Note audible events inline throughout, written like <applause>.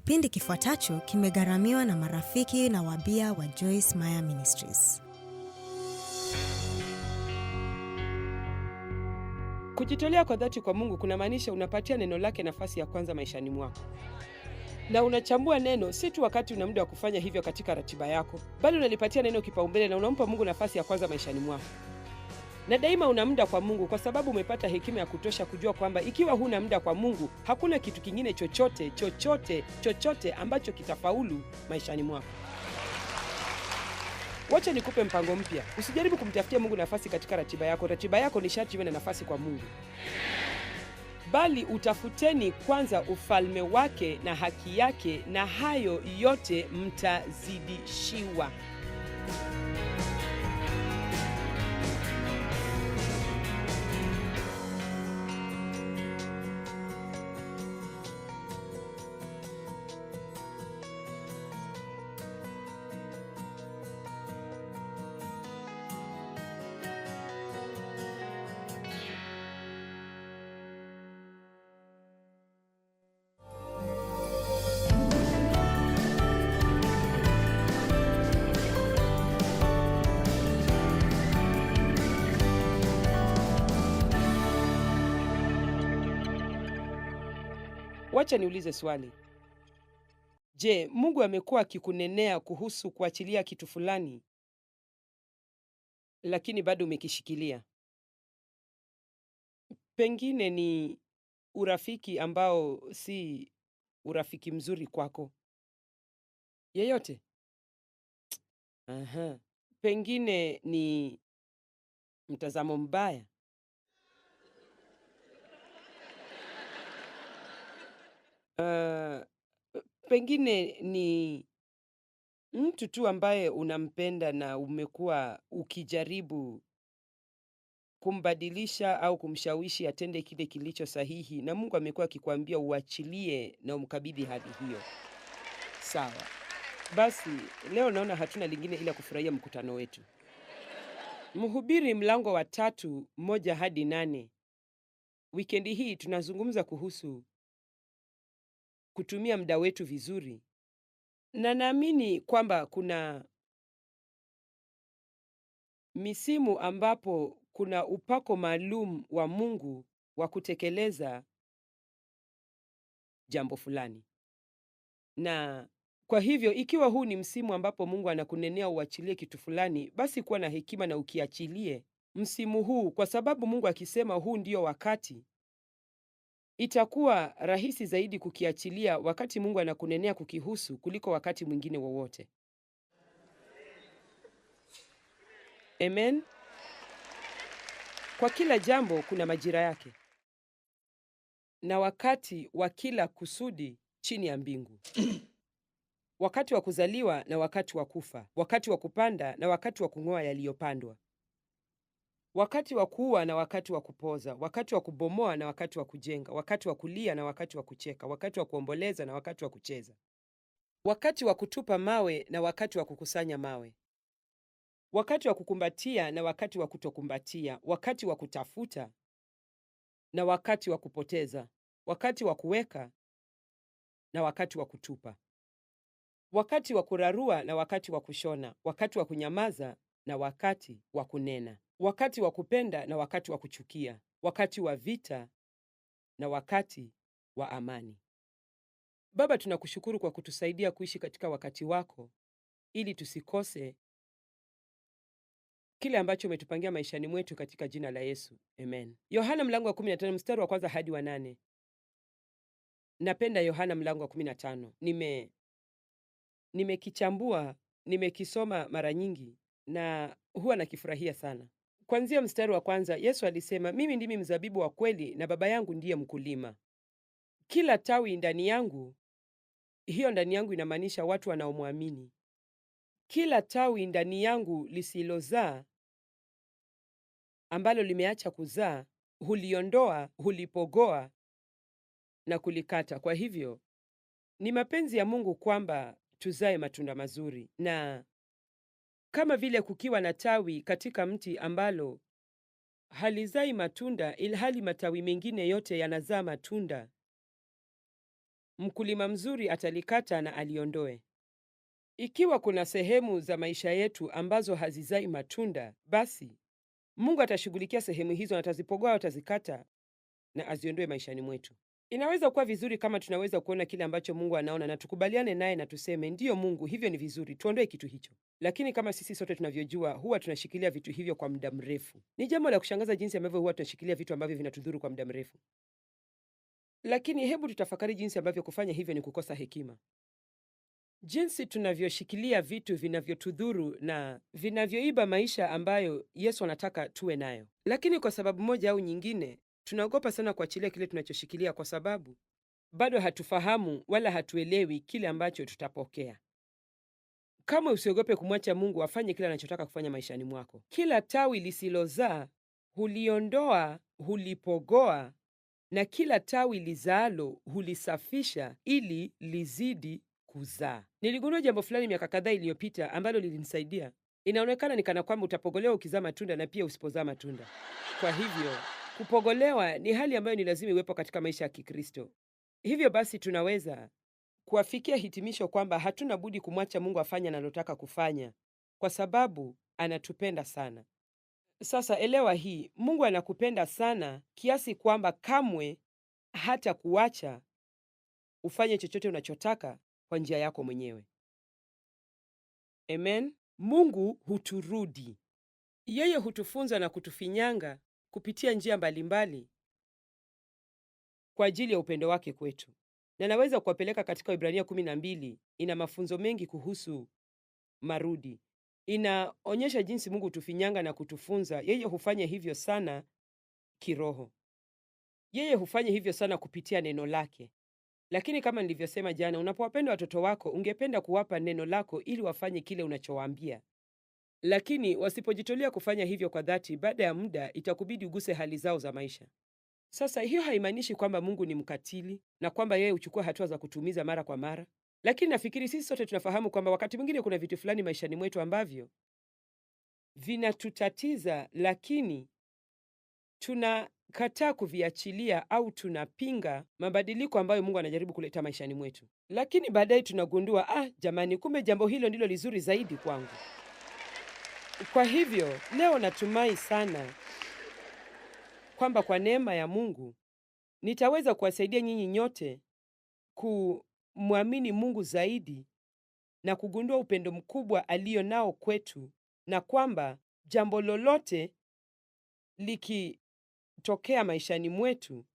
Kipindi kifuatacho kimegharamiwa na marafiki na wabia wa Joyce Meyer Ministries. Kujitolea kwa dhati kwa Mungu kunamaanisha unapatia neno lake nafasi ya kwanza maishani mwako na unachambua neno si tu wakati una muda wa kufanya hivyo katika ratiba yako, bali unalipatia neno kipaumbele na unampa Mungu nafasi ya kwanza maishani mwako na daima una muda kwa Mungu kwa sababu umepata hekima ya kutosha kujua kwamba ikiwa huna muda kwa Mungu, hakuna kitu kingine chochote chochote chochote ambacho kitafaulu maishani mwako. Wacha nikupe mpango mpya. Usijaribu kumtafutia Mungu nafasi katika ratiba yako. Ratiba yako ni sharti iwe na nafasi kwa Mungu, bali utafuteni kwanza ufalme wake na haki yake, na hayo yote mtazidishiwa. Acha niulize swali. Je, Mungu amekuwa akikunenea kuhusu kuachilia kitu fulani lakini bado umekishikilia? Pengine ni urafiki ambao si urafiki mzuri kwako yeyote. Aha. Pengine ni mtazamo mbaya Eh, pengine ni mtu tu ambaye unampenda na umekuwa ukijaribu kumbadilisha au kumshawishi atende kile kilicho sahihi na Mungu amekuwa akikwambia uachilie na umkabidhi hali hiyo. Sawa. Basi leo naona hatuna lingine ila kufurahia mkutano wetu. Mhubiri mlango wa tatu moja hadi nane. Wikendi hii tunazungumza kuhusu kutumia muda wetu vizuri, na naamini kwamba kuna misimu ambapo kuna upako maalum wa Mungu wa kutekeleza jambo fulani. Na kwa hivyo ikiwa huu ni msimu ambapo Mungu anakunenea uachilie kitu fulani, basi kuwa na hekima na ukiachilie msimu huu, kwa sababu Mungu akisema huu ndio wakati, itakuwa rahisi zaidi kukiachilia wakati Mungu anakunenea kukihusu kuliko wakati mwingine wowote. Amen. Kwa kila jambo kuna majira yake na wakati wa kila kusudi chini ya mbingu wakati wa kuzaliwa na wakati wa kufa, wakati wa kupanda na wakati wa kung'oa yaliyopandwa wakati wa kuua na wakati wa kupoza, wakati wa kubomoa na wakati wa kujenga, wakati wa kulia na wakati wa kucheka, wakati wa kuomboleza na wakati wa kucheza, wakati wa kutupa mawe na wakati wa kukusanya mawe, wakati wa kukumbatia na wakati wa kutokumbatia, wakati wa kutafuta na wakati wa kupoteza, wakati wa kuweka na wakati wa kutupa, wakati wa kurarua na wakati wa kushona, wakati wa kunyamaza na wakati wa kunena, wakati wa kupenda na wakati wa kuchukia, wakati wa vita na wakati wa amani. Baba, tunakushukuru kwa kutusaidia kuishi katika wakati wako ili tusikose kile ambacho umetupangia maishani mwetu katika jina la Yesu. Amen. Yohana mlango wa 15 mstari wa kwanza hadi wa nane. Napenda Yohana mlango wa 15. Nime nimekichambua, nimekisoma mara nyingi na huwa nakifurahia sana. kwanzia mstari wa kwanza, Yesu alisema, mimi ndimi mzabibu wa kweli na Baba yangu ndiye mkulima. Kila tawi ndani yangu, hiyo ndani yangu inamaanisha watu wanaomwamini. Kila tawi ndani yangu lisilozaa, ambalo limeacha kuzaa, huliondoa, hulipogoa na kulikata. Kwa hivyo ni mapenzi ya Mungu kwamba tuzae matunda mazuri, na kama vile kukiwa na tawi katika mti ambalo halizai matunda ilhali matawi mengine yote yanazaa matunda, mkulima mzuri atalikata na aliondoe. Ikiwa kuna sehemu za maisha yetu ambazo hazizai matunda, basi Mungu atashughulikia sehemu hizo na atazipogoa, atazikata na aziondoe maishani mwetu. Inaweza kuwa vizuri kama tunaweza kuona kile ambacho Mungu anaona na tukubaliane naye na tuseme ndiyo, Mungu, hivyo ni vizuri, tuondoe kitu hicho. Lakini kama sisi sote tunavyojua, huwa tunashikilia vitu hivyo kwa muda mrefu. Ni jambo la kushangaza jinsi ambavyo huwa tunashikilia vitu ambavyo vinatudhuru kwa muda mrefu, lakini hebu tutafakari jinsi ambavyo kufanya hivyo ni kukosa hekima. Jinsi tunavyoshikilia vitu vinavyotudhuru na vinavyoiba maisha ambayo Yesu anataka tuwe nayo. Lakini kwa sababu moja au nyingine, tunaogopa sana kuachilia kile tunachoshikilia kwa sababu bado hatufahamu wala hatuelewi kile ambacho tutapokea. Kama usiogope kumwacha Mungu afanye kile anachotaka kufanya maishani mwako. Kila tawi lisilozaa huliondoa, hulipogoa, na kila tawi lizaalo hulisafisha ili lizidi kuzaa. Niligundua jambo fulani miaka kadhaa iliyopita ambalo lilinisaidia. Inaonekana ni kana kwamba utapogolewa ukizaa matunda na pia usipozaa matunda. Kwa hivyo Kupogolewa ni hali ambayo ni lazima iwepo katika maisha ya Kikristo. Hivyo basi tunaweza kuafikia hitimisho kwamba hatuna budi kumwacha Mungu afanye analotaka kufanya kwa sababu anatupenda sana. Sasa elewa hii, Mungu anakupenda sana kiasi kwamba kamwe hata kuacha ufanye chochote unachotaka kwa njia yako mwenyewe. Amen. Mungu huturudi, yeye hutufunza na kutufinyanga kupitia njia mbalimbali kwa ajili ya upendo wake kwetu, na naweza kuwapeleka katika Ibrania kumi na mbili. Ina mafunzo mengi kuhusu marudi, inaonyesha jinsi Mungu hutufinyanga na kutufunza. Yeye hufanya hivyo sana kiroho, yeye hufanya hivyo sana kupitia neno lake. Lakini kama nilivyosema jana, unapowapenda watoto wako, ungependa kuwapa neno lako ili wafanye kile unachowaambia lakini wasipojitolea kufanya hivyo kwa dhati, baada ya muda itakubidi uguse hali zao za maisha. Sasa hiyo haimaanishi kwamba Mungu ni mkatili na kwamba yeye huchukua hatua za kutumiza mara kwa mara, lakini nafikiri sisi sote tunafahamu kwamba wakati mwingine kuna vitu fulani maishani mwetu ambavyo vinatutatiza, lakini tunakataa kuviachilia au tunapinga mabadiliko ambayo Mungu anajaribu kuleta maishani mwetu, lakini baadaye tunagundua ah, jamani, kumbe jambo hilo ndilo lizuri zaidi kwangu. Kwa hivyo leo natumai sana kwamba kwa neema ya Mungu nitaweza kuwasaidia nyinyi nyote kumwamini Mungu zaidi na kugundua upendo mkubwa alio nao kwetu, na kwamba jambo lolote likitokea maishani mwetu,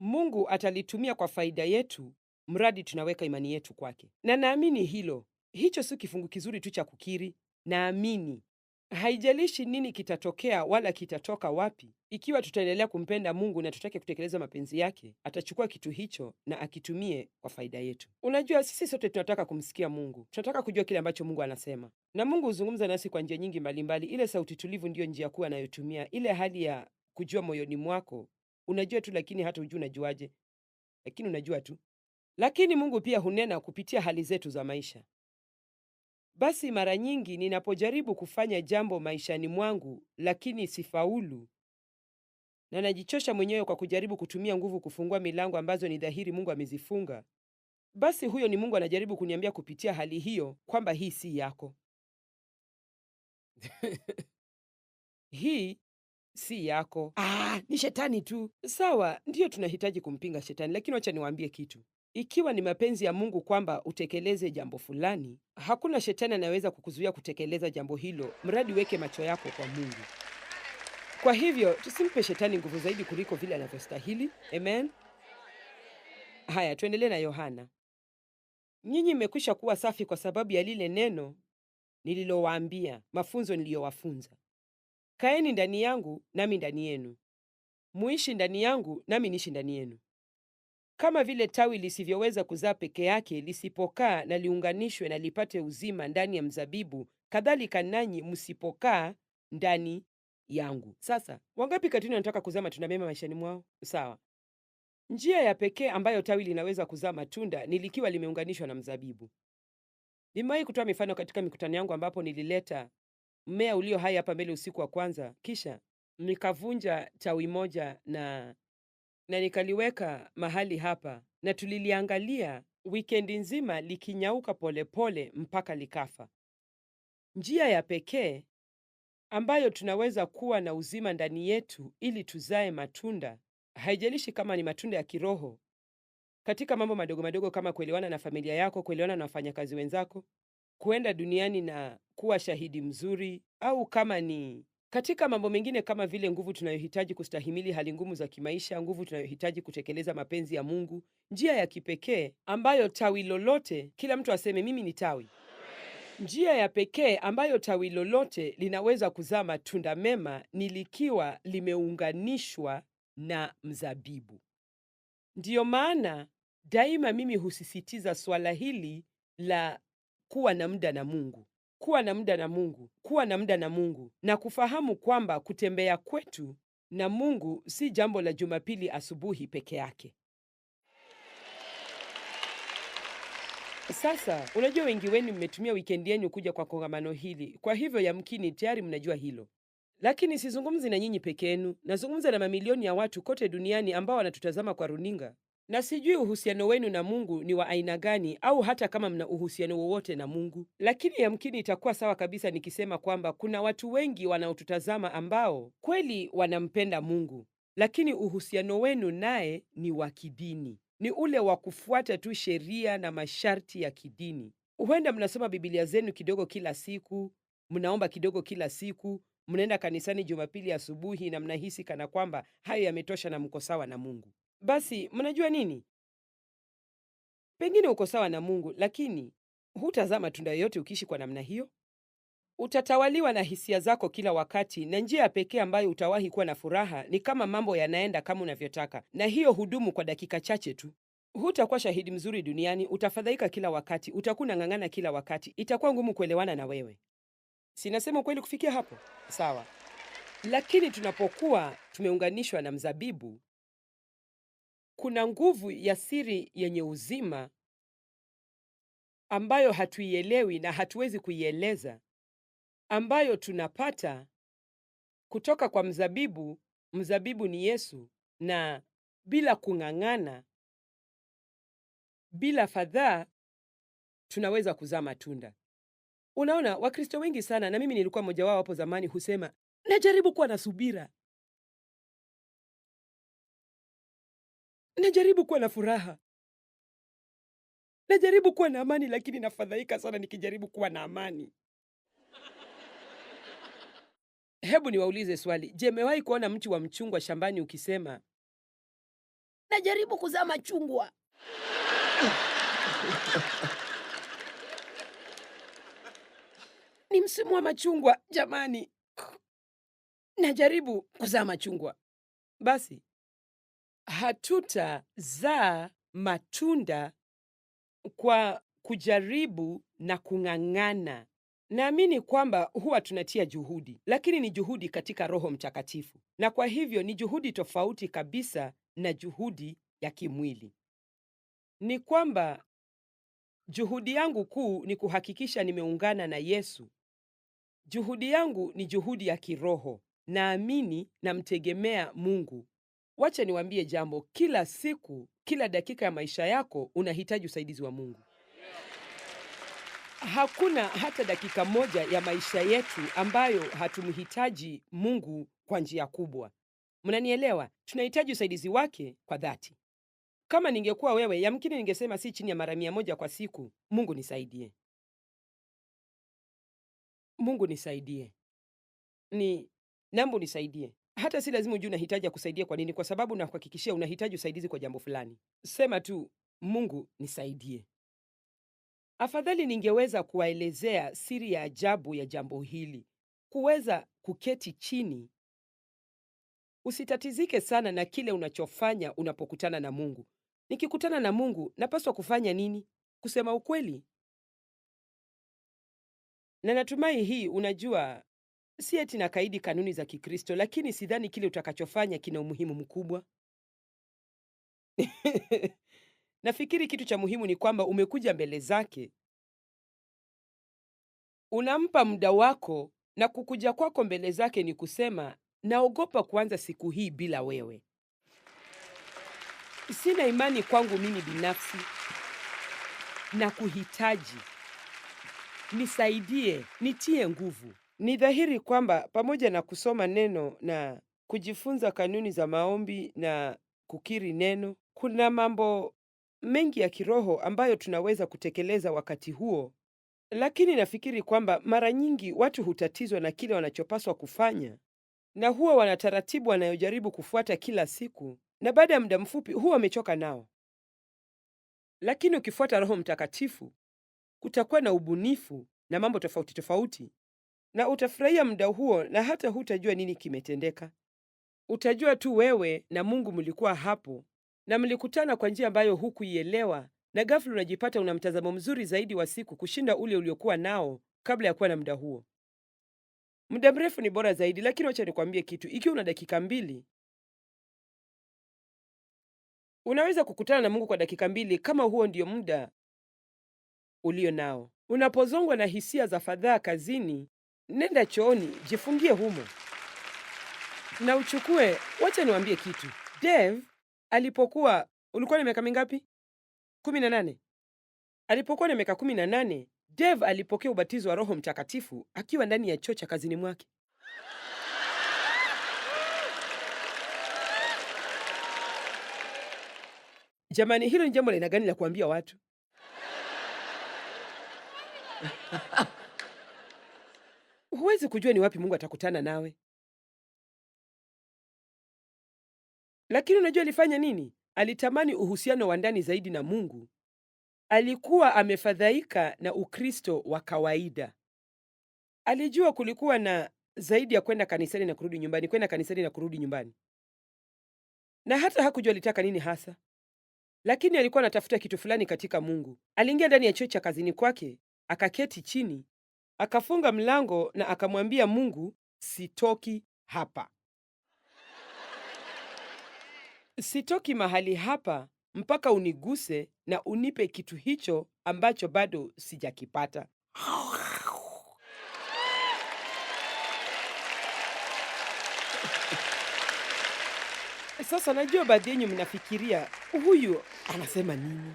Mungu atalitumia kwa faida yetu, mradi tunaweka imani yetu kwake. Na naamini hilo. Hicho si kifungu kizuri tu cha kukiri, naamini Haijalishi nini kitatokea wala kitatoka wapi, ikiwa tutaendelea kumpenda Mungu na tutake kutekeleza mapenzi yake, atachukua kitu hicho na akitumie kwa faida yetu. Unajua, sisi sote tunataka kumsikia Mungu, tunataka kujua kile ambacho Mungu anasema, na Mungu huzungumza nasi kwa njia nyingi mbalimbali. Ile sauti tulivu ndiyo njia kuu anayotumia, ile hali ya kujua moyoni mwako, unajua tu, lakini hata hujui unajuaje, lakini unajua tu. Lakini Mungu pia hunena kupitia hali zetu za maisha. Basi mara nyingi ninapojaribu kufanya jambo maishani mwangu lakini sifaulu, na najichosha mwenyewe kwa kujaribu kutumia nguvu kufungua milango ambazo ni dhahiri Mungu amezifunga, basi huyo ni Mungu anajaribu kuniambia kupitia hali hiyo kwamba hii si yako. <laughs> hii si yako. Ah, ni shetani tu. Sawa, ndiyo tunahitaji kumpinga shetani, lakini wacha niwaambie kitu. Ikiwa ni mapenzi ya Mungu kwamba utekeleze jambo fulani, hakuna shetani anayeweza kukuzuia kutekeleza jambo hilo, mradi uweke macho yako kwa Mungu. Kwa hivyo tusimpe shetani nguvu zaidi kuliko vile anavyostahili. Amen. Haya, tuendelee na Yohana. Nyinyi mmekwisha kuwa safi kwa sababu ya lile neno nililowaambia, mafunzo niliyowafunza. Kaeni ndani yangu nami ndani yenu, muishi ndani yangu nami niishi ndani yenu. Kama vile tawi lisivyoweza kuzaa peke yake, lisipokaa na liunganishwe na lipate uzima ndani ya mzabibu, kadhalika nanyi msipokaa ndani yangu. Sasa wangapi katini wanataka kuzaa matunda mema maishani mwao? Sawa. Njia ya pekee ambayo tawi linaweza kuzaa matunda ni likiwa limeunganishwa na mzabibu. Nimewahi kutoa mifano katika mikutano yangu ambapo nilileta mmea ulio hai hapa mbele usiku wa kwanza, kisha nikavunja tawi moja na na nikaliweka mahali hapa, na tuliliangalia wikendi nzima likinyauka polepole mpaka likafa. Njia ya pekee ambayo tunaweza kuwa na uzima ndani yetu ili tuzae matunda, haijalishi kama ni matunda ya kiroho, katika mambo madogo madogo kama kuelewana na familia yako, kuelewana na wafanyakazi wenzako, kuenda duniani na kuwa shahidi mzuri, au kama ni katika mambo mengine kama vile nguvu tunayohitaji kustahimili hali ngumu za kimaisha, nguvu tunayohitaji kutekeleza mapenzi ya Mungu, njia ya kipekee ambayo tawi lolote, kila mtu aseme mimi ni tawi, njia ya pekee ambayo tawi lolote linaweza kuzaa matunda mema ni likiwa limeunganishwa na mzabibu. Ndiyo maana daima mimi husisitiza swala hili la kuwa na muda na Mungu kuwa na muda na Mungu, kuwa na muda na Mungu na kufahamu kwamba kutembea kwetu na Mungu si jambo la Jumapili asubuhi peke yake. Sasa unajua, wengi wenu mmetumia wikendi yenu kuja kwa kongamano hili, kwa hivyo yamkini tayari mnajua hilo, lakini sizungumzi na nyinyi peke yenu, nazungumza na mamilioni ya watu kote duniani ambao wanatutazama kwa runinga na sijui uhusiano wenu na Mungu ni wa aina gani, au hata kama mna uhusiano wowote na Mungu. Lakini yamkini itakuwa sawa kabisa nikisema kwamba kuna watu wengi wanaotutazama ambao kweli wanampenda Mungu, lakini uhusiano wenu naye ni wa kidini, ni ule wa kufuata tu sheria na masharti ya kidini. Huenda mnasoma Biblia zenu kidogo kila siku, mnaomba kidogo kila siku, mnaenda kanisani Jumapili asubuhi, na mnahisi kana kwamba hayo yametosha na mko sawa na Mungu. Basi mnajua nini, pengine uko sawa na Mungu, lakini hutazaa matunda yoyote. Ukiishi kwa namna hiyo, utatawaliwa na hisia zako kila wakati, na njia ya pekee ambayo utawahi kuwa na furaha ni kama mambo yanaenda kama unavyotaka, na hiyo hudumu kwa dakika chache tu. Hutakuwa shahidi mzuri duniani, utafadhaika kila wakati, utakuwa unang'ang'ana kila wakati, itakuwa ngumu kuelewana na wewe. Sinasema ukweli kufikia hapo? Sawa. Lakini tunapokuwa tumeunganishwa na mzabibu, kuna nguvu ya siri yenye uzima ambayo hatuielewi na hatuwezi kuieleza, ambayo tunapata kutoka kwa mzabibu. Mzabibu ni Yesu, na bila kung'ang'ana, bila fadhaa, tunaweza kuzaa matunda. Unaona, Wakristo wengi sana, na mimi nilikuwa mmoja wao hapo zamani, husema najaribu kuwa na subira, Najaribu kuwa na furaha, najaribu kuwa na amani, lakini nafadhaika sana nikijaribu kuwa na amani. Hebu niwaulize swali. Je, mewahi kuona mti wa mchungwa shambani ukisema najaribu kuzaa machungwa? Ni msimu wa machungwa jamani, najaribu kuzaa machungwa. Basi hatutazaa matunda kwa kujaribu na kung'ang'ana. Naamini kwamba huwa tunatia juhudi, lakini ni juhudi katika Roho Mtakatifu, na kwa hivyo ni juhudi tofauti kabisa na juhudi ya kimwili. Ni kwamba juhudi yangu kuu ni kuhakikisha nimeungana na Yesu. Juhudi yangu ni juhudi ya kiroho. Naamini namtegemea Mungu Wacha niwaambie jambo, kila siku, kila dakika ya maisha yako unahitaji usaidizi wa Mungu. Hakuna hata dakika moja ya maisha yetu ambayo hatumhitaji Mungu kwa njia kubwa. Mnanielewa? Tunahitaji usaidizi wake kwa dhati. Kama ningekuwa wewe, yamkini ningesema si chini ya mara mia moja kwa siku, Mungu nisaidie, Mungu nisaidie, ni nambu nisaidie, hata si lazima ujue unahitaji kusaidia kwa nini, kwa sababu nakuhakikishia unahitaji usaidizi kwa jambo fulani. Sema tu Mungu nisaidie. Afadhali ningeweza kuwaelezea siri ya ajabu ya jambo hili, kuweza kuketi chini. Usitatizike sana na kile unachofanya unapokutana na Mungu. Nikikutana na Mungu napaswa kufanya nini? Kusema ukweli. Na natumai hii, unajua Si eti na kaidi kanuni za Kikristo, lakini sidhani kile utakachofanya kina umuhimu mkubwa. <laughs> Nafikiri kitu cha muhimu ni kwamba umekuja mbele zake, unampa muda wako, na kukuja kwako mbele zake ni kusema, naogopa kuanza siku hii bila wewe. Sina imani kwangu mimi binafsi, na kuhitaji nisaidie, nitie nguvu. Ni dhahiri kwamba pamoja na kusoma neno na kujifunza kanuni za maombi na kukiri neno, kuna mambo mengi ya kiroho ambayo tunaweza kutekeleza wakati huo, lakini nafikiri kwamba mara nyingi watu hutatizwa na kile wanachopaswa kufanya, na huwa wana taratibu wanayojaribu kufuata kila siku, na baada ya muda mfupi huwa wamechoka nao. Lakini ukifuata Roho Mtakatifu kutakuwa na ubunifu na mambo tofauti tofauti na utafurahia muda huo, na hata hutajua nini kimetendeka. Utajua tu wewe na Mungu mlikuwa hapo na mlikutana kwa njia ambayo hukuielewa, na ghafla unajipata una mtazamo mzuri zaidi wa siku kushinda ule uliokuwa nao kabla ya kuwa na muda huo. Muda mrefu ni bora zaidi, lakini wacha nikwambie kitu. Ikiwa una dakika mbili, unaweza kukutana na Mungu kwa dakika mbili, kama huo ndio muda ulio nao. Unapozongwa na hisia za fadhaa kazini, nenda chooni, jifungie humo na uchukue. Wacha niwaambie kitu. Dave alipokuwa, ulikuwa na miaka mingapi? kumi na nane. Alipokuwa na miaka kumi na nane, Dave alipokea ubatizo wa Roho Mtakatifu akiwa ndani ya choo cha kazini mwake. Jamani, hilo ni jambo la aina gani la kuambia watu? <laughs> huwezi kujua ni wapi Mungu atakutana nawe. Lakini unajua alifanya nini? Alitamani uhusiano wa ndani zaidi na Mungu. Alikuwa amefadhaika na Ukristo wa kawaida. Alijua kulikuwa na zaidi ya kwenda kanisani na kurudi nyumbani, kwenda kanisani na kurudi nyumbani, na hata hakujua alitaka nini hasa, lakini alikuwa anatafuta kitu fulani katika Mungu. Aliingia ndani ya chuo cha kazini kwake, akaketi chini Akafunga mlango na akamwambia Mungu, sitoki hapa, sitoki mahali hapa mpaka uniguse na unipe kitu hicho ambacho bado sijakipata. Sasa najua baadhi yenyu mnafikiria huyu anasema nini?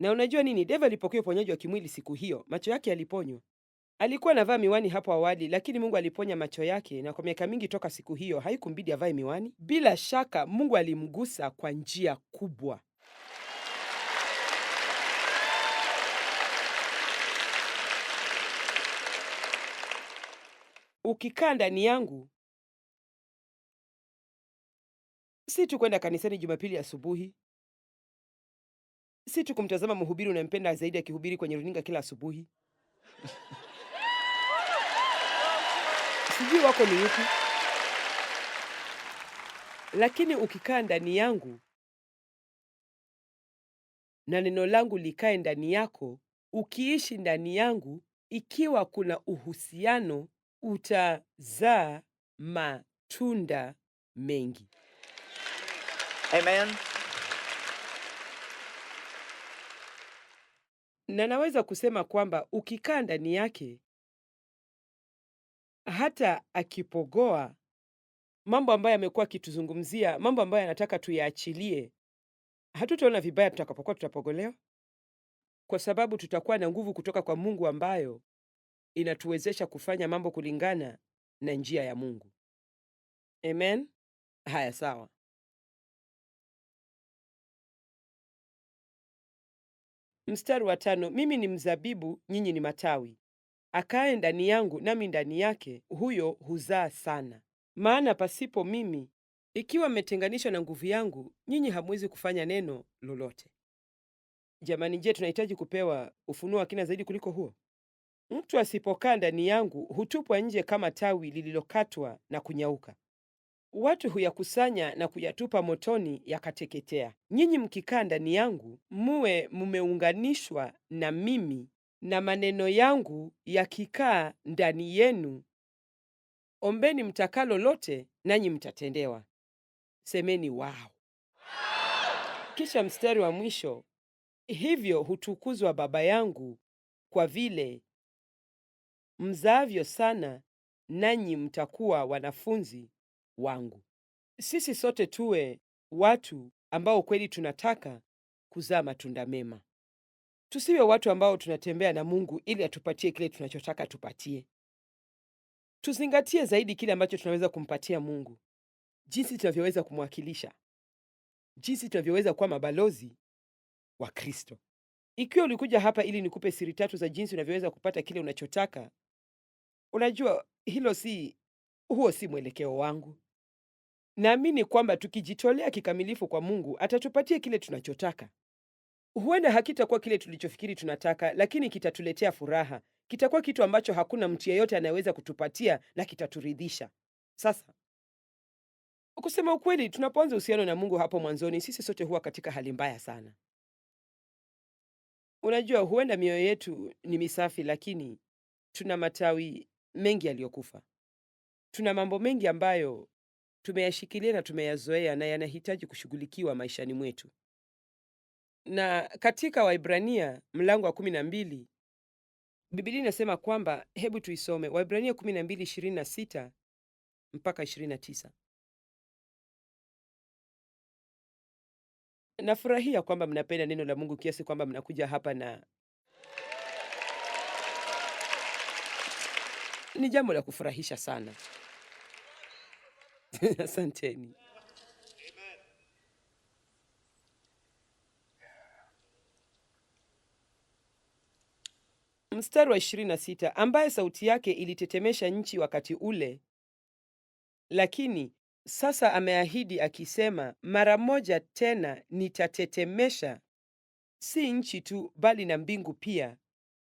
Na unajua nini, Dave alipokea uponyaji wa kimwili siku hiyo, macho yake yaliponywa. Alikuwa anavaa miwani hapo awali, lakini Mungu aliponya macho yake, na kwa miaka mingi toka siku hiyo haikumbidi avae miwani. Bila shaka Mungu alimgusa kwa njia kubwa. Ukikaa ndani yangu, si tu kwenda kanisani Jumapili asubuhi, si tu kumtazama mhubiri unayempenda zaidi akihubiri kwenye runinga kila asubuhi. <laughs> Sijui wako ni upi, lakini ukikaa ndani yangu na neno langu likae ndani yako, ukiishi ndani yangu, ikiwa kuna uhusiano, utazaa matunda mengi. Amen. na naweza kusema kwamba ukikaa ndani yake, hata akipogoa mambo ambayo amekuwa akituzungumzia, mambo ambayo anataka tuyaachilie, hatutaona vibaya tutakapokuwa tutapogolewa, kwa sababu tutakuwa na nguvu kutoka kwa Mungu ambayo inatuwezesha kufanya mambo kulingana na njia ya Mungu. Amen. Haya, sawa. mstari wa tano, mimi ni mzabibu, nyinyi ni matawi. Akaye ndani yangu nami ndani yake, huyo huzaa sana. Maana pasipo mimi, ikiwa mmetenganishwa na nguvu yangu, nyinyi hamwezi kufanya neno lolote. Jamani, je, tunahitaji kupewa ufunuo wa kina zaidi kuliko huo? Mtu asipokaa ndani yangu hutupwa nje kama tawi lililokatwa na kunyauka, watu huyakusanya na kuyatupa motoni yakateketea. Nyinyi mkikaa ndani yangu, muwe mumeunganishwa na mimi, na maneno yangu yakikaa ndani yenu, ombeni mtakalo lote, nanyi mtatendewa. Semeni wao. Kisha mstari wa mwisho, hivyo hutukuzwa Baba yangu kwa vile mzaavyo sana, nanyi mtakuwa wanafunzi wangu. Sisi sote tuwe watu ambao kweli tunataka kuzaa matunda mema. Tusiwe watu ambao tunatembea na Mungu ili atupatie kile tunachotaka tupatie Tuzingatie zaidi kile ambacho tunaweza kumpatia Mungu, jinsi tunavyoweza kumwakilisha, jinsi tunavyoweza kuwa mabalozi wa Kristo. Ikiwa ulikuja hapa ili nikupe siri tatu za jinsi unavyoweza kupata kile unachotaka, unajua hilo si, huo si mwelekeo wangu. Naamini kwamba tukijitolea kikamilifu kwa Mungu atatupatia kile tunachotaka. Huenda hakitakuwa kile tulichofikiri tunataka, lakini kitatuletea furaha. Kitakuwa kitu ambacho hakuna mtu yeyote anayeweza kutupatia na kitaturidhisha. Sasa kusema ukweli, tunapoanza uhusiano na Mungu hapo mwanzoni, sisi sote huwa katika hali mbaya sana. Unajua, huenda mioyo yetu ni misafi, lakini tuna matawi mengi yaliyokufa. Tuna mambo mengi ambayo tumeyashikilia na tumeyazoea na yanahitaji kushughulikiwa maishani mwetu. Na katika Waibrania mlango wa kumi na mbili Biblia inasema kwamba, hebu tuisome Waibrania kumi na na mbili ishirini sita mpaka ishirini na tisa. Nafurahia kwamba mnapenda neno la Mungu kiasi kwamba mnakuja hapa na ni jambo la kufurahisha sana. <laughs> Asanteni. Mstari wa 26, ambaye sauti yake ilitetemesha nchi wakati ule, lakini sasa ameahidi akisema, mara moja tena nitatetemesha si nchi tu, bali na mbingu pia.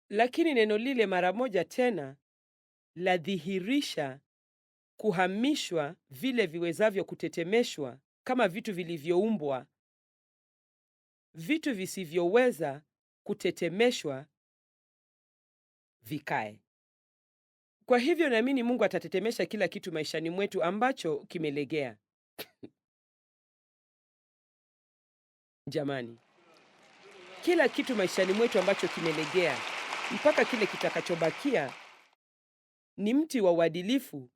Lakini neno lile mara moja tena ladhihirisha kuhamishwa vile viwezavyo kutetemeshwa kama vitu vilivyoumbwa, vitu visivyoweza kutetemeshwa vikae. Kwa hivyo naamini Mungu atatetemesha kila kitu maishani mwetu ambacho kimelegea. <laughs> Jamani, kila kitu maishani mwetu ambacho kimelegea mpaka kile kitakachobakia ni mti wa uadilifu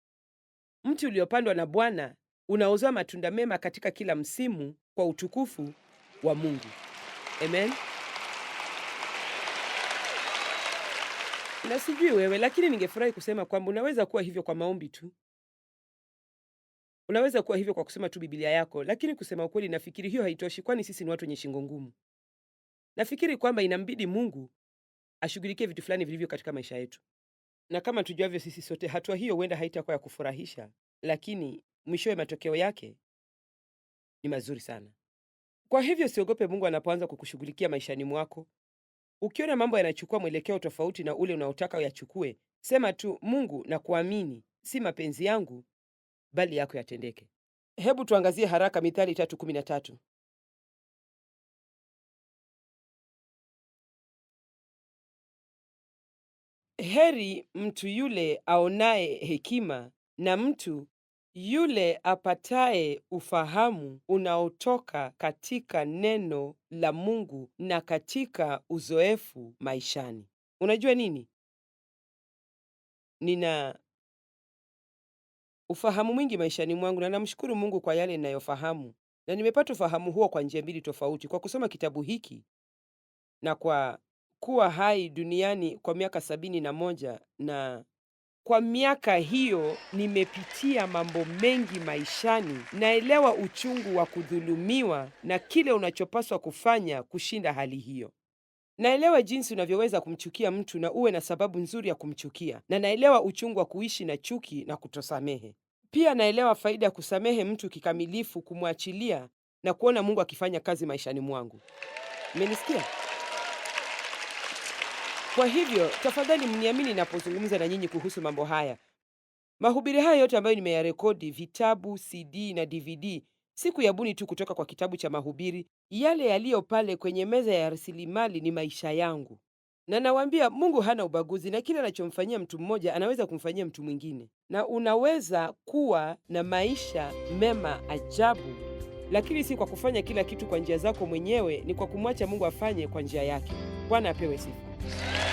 Mti uliopandwa na Bwana unaozaa matunda mema katika kila msimu kwa utukufu wa Mungu. Amen. Na sijui wewe, lakini ningefurahi kusema kwamba unaweza kuwa hivyo kwa maombi tu. Unaweza kuwa hivyo kwa kusoma tu Biblia yako, lakini kusema ukweli, nafikiri hiyo haitoshi, kwani sisi ni watu wenye shingo ngumu. Nafikiri kwamba inambidi Mungu ashughulikie vitu fulani vilivyo katika maisha yetu na kama tujuavyo sisi sote, hatua hiyo huenda haitakuwa ya kufurahisha, lakini mwishowe matokeo yake ni mazuri sana. Kwa hivyo usiogope Mungu anapoanza kukushughulikia maishani mwako. Ukiona mambo yanachukua mwelekeo tofauti na ule unaotaka yachukue sema tu, Mungu na kuamini, si mapenzi yangu bali yako yatendeke. Hebu tuangazie haraka Mithali tatu Heri mtu yule aonaye hekima na mtu yule apataye ufahamu unaotoka katika neno la Mungu na katika uzoefu maishani. Unajua nini? Nina ufahamu mwingi maishani mwangu na namshukuru Mungu kwa yale ninayofahamu, na nimepata ufahamu huo kwa njia mbili tofauti, kwa kusoma kitabu hiki na kwa kuwa hai duniani kwa miaka sabini na moja na kwa miaka hiyo nimepitia mambo mengi maishani. Naelewa uchungu wa kudhulumiwa na kile unachopaswa kufanya kushinda hali hiyo. Naelewa jinsi unavyoweza kumchukia mtu na uwe na sababu nzuri ya kumchukia, na naelewa uchungu wa kuishi na chuki na kutosamehe. Pia naelewa faida ya kusamehe mtu kikamilifu, kumwachilia na kuona Mungu akifanya kazi maishani mwangu. Umenisikia? Kwa hivyo tafadhali mniamini ninapozungumza na nyinyi kuhusu mambo haya. Mahubiri haya yote ambayo nimeyarekodi, vitabu, CD na DVD, buni tu kutoka kwa kitabu cha mahubiri. Yale yaliyo pale kwenye meza ya rasilimali ni maisha yangu, na nawaambia, Mungu hana ubaguzi, na kile anachomfanyia mtu mmoja anaweza kumfanyia mtu mwingine, na unaweza kuwa na maisha mema ajabu, lakini si kwa kufanya kila kitu kwa njia zako mwenyewe, ni kwa kumwacha Mungu afanye kwa njia yake. Bwana apewe sifa. Música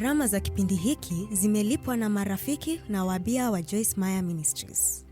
Gharama za kipindi hiki zimelipwa na marafiki na wabia wa Joyce Meyer Ministries.